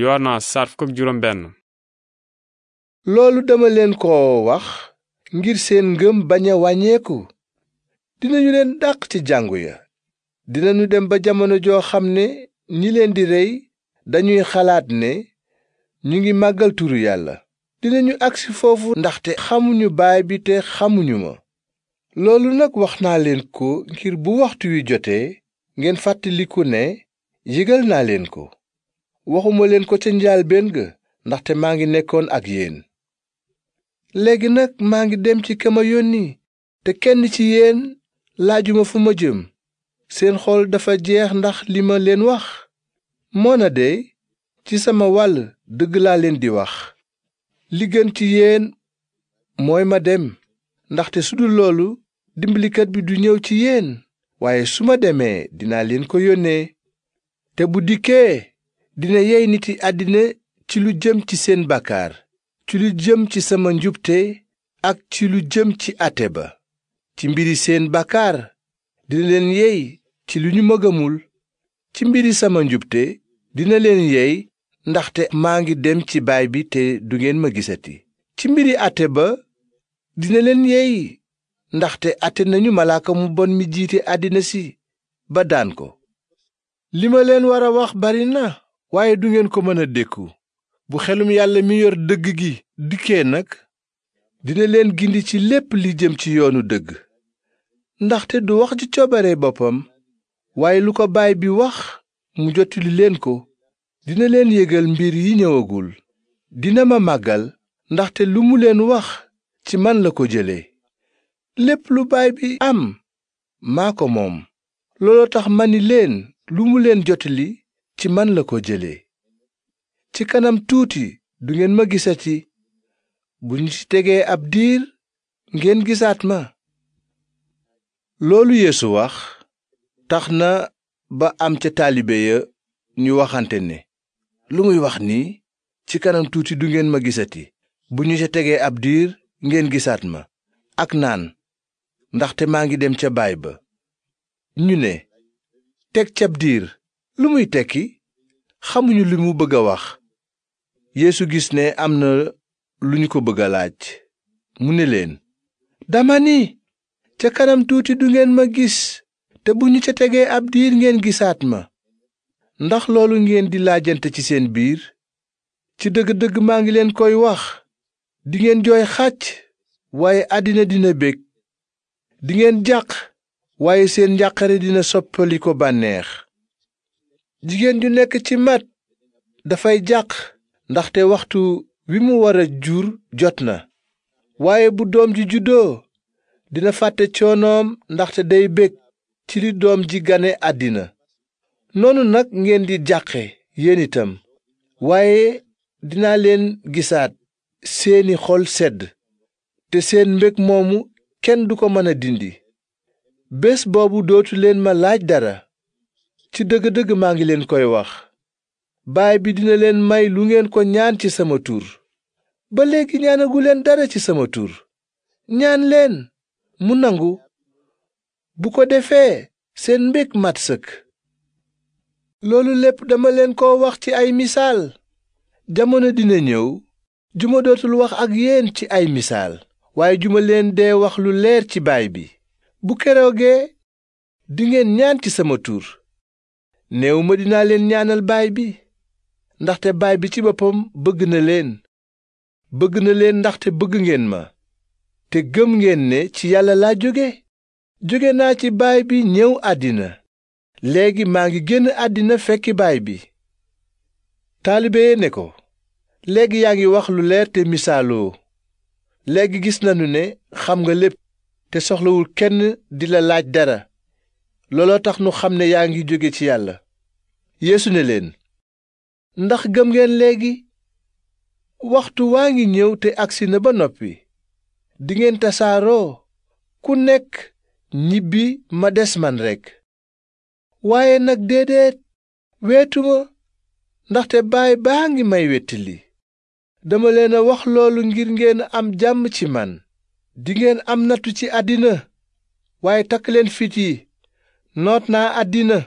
yowaana saar fukk ak loolu dama leen ko wax ngir seen ngëm bañ a wàññeeku dinañu leen dàq ci jàngu ya dinañu dem ba jamono joo xam ne ñi leen di rey dañuy xalaat ne ñu ngi màggal turu yàlla dinañu agsi foofu ndaxte xamuñu baay bi te xamuñu ma loolu nag wax naa leen ko ngir bu waxtu wi jotee ngeen fàttaliku ne yëgal naa leen ko waxuma leen ko ca njaalbéen ga ndaxte maa ngi nekkoon ak yéen léegi nag maa ngi dem ci kama yónni te kenn ci yéen laajuma fu ma jëm seen xool dafa jeex ndax li ma leen wax moo na dey ci sama wàll dëgg laa leen di wax li gën ci yéen mooy ma dem ndaxte su dul loolu dimbalikat bi du ñëw ci yéen waaye su ma demee dinaa leen ko yónnee te bu dikkee dina yey niti àddina ci lu jëm ci seen bàkkaar ci lu jëm ci sama njubte ak ci lu jëm ci àtte ba ci mbiri seen bàkkaar dina leen yey ci lu ñu ma gëmul ci mbiri sama njubte dina leen yey ndaxte maa ngi dem ci baay bi te du ngeen ma gisati ci mbiri àtte ba dina leen yey ndaxte àtte nañu malaaka mu bon mi jiite àddina si ba daan ko li ma leen war a wax bari na waaye du ngeen ko mën a dékku bu xelum yàlla mi yor dëgg gi dikkee nag dina leen gindi ci lépp li jëm ci yoonu dëgg ndaxte du wax ci coobare boppam waaye lu ko baay bi wax mu jottali leen ko dina leen yégal mbir yi ñëwagul dina ma màggal ndaxte lu mu leen wax ci man la ko jëlee lépp lu baay bi am maa ko moom looloo tax ma ni leen lu mu leen jottali ci man la ko jëlee ci kanam tuuti du ngeen ma gisati bu ñu ci tegee ab diir ngeen gisaat ma loolu yéesu wax tax na ba am ca taalibe ya ñu waxante ne lu muy wax nii ci kanam tuuti du ngeen ma gisati bu ñu ca tegee ab diir ngeen gisaat ma ak naan ndaxte maa ngi dem ca baay ba ñu ne teg cab diir lu muy tekki xamuñu li mu bëgg a wax yéesu gis ne am na lu ñu ko bëgg a laaj mu ne leen dama ni ca kanam tuuti du ngeen ma gis te bu ñu ca tegee ab diir ngeen gisaat ma ndax loolu ngeen di laajante ci seen biir ci dëgg-dëgg maa ngi leen koy wax dingeen jooy xàcc waaye àddina dina bég dingeen jàq waaye seen njàqare dina soppali ko bànneex jigéen ju nekk ci mat dafay jàq ndaxte waxtu wi mu wara a jur jot na waaye bu doom ji juddoo dina fàtte coonoom ndaxte day bég ci li doom ji gane àddina noonu nag ngeen di jàqe yéen itam waaye dinaa leen gisaat seeni xol sedd te seen mbég moomu kenn du ko mën a dindi bés boobu dootu leen ma laaj dara ci dëgg-dëgg maa ngi leen koy wax baay bi dina leen may lu ngeen ko ñaan ci sama tur ba léegi ñaanagu leen dara ci sama tur ñaan leen mu nangu bu ko defee seen mbég mat loolu lépp dama leen ko wax ci ay misaal jamono dina ñëw juma ma dootul wax ak yéen ci ay misaal waaye juma leen dee wax lu leer ci baay bi bu keroogee dingeen ñaan ci sama tur néew ma dinaa leen ñaanal baay bi ndaxte baay bi ci boppam bëgg na leen bëgg na leen ndaxte bëgg ngeen ma te gëm ngeen ne ci yàlla laa jóge jóge naa ci baay bi ñëw àddina léegi maa ngi génn àddina fekki baay bi taalibe ne ko léegi yaa ngi wax lu leer te misaaloo léegi gis nañu ne xam nga lépp te soxlawul kenn di la laaj dara looloo tax nu xam ne yaa ngi jóge ci yàlla yeesu ne leen ndax gëm ngeen léegi waxtu waa ngi ñëw te agsi na ba noppi dingeen tasaaroo ku nekk ñibbi ma des man rekk waaye nag déedéet weetuma ndaxte baay baa ngi may li dama leen a wax loolu ngir ngeen am jàmm ci man dingeen am nattu ci àddina waaye takk leen fit yi noot naa àddina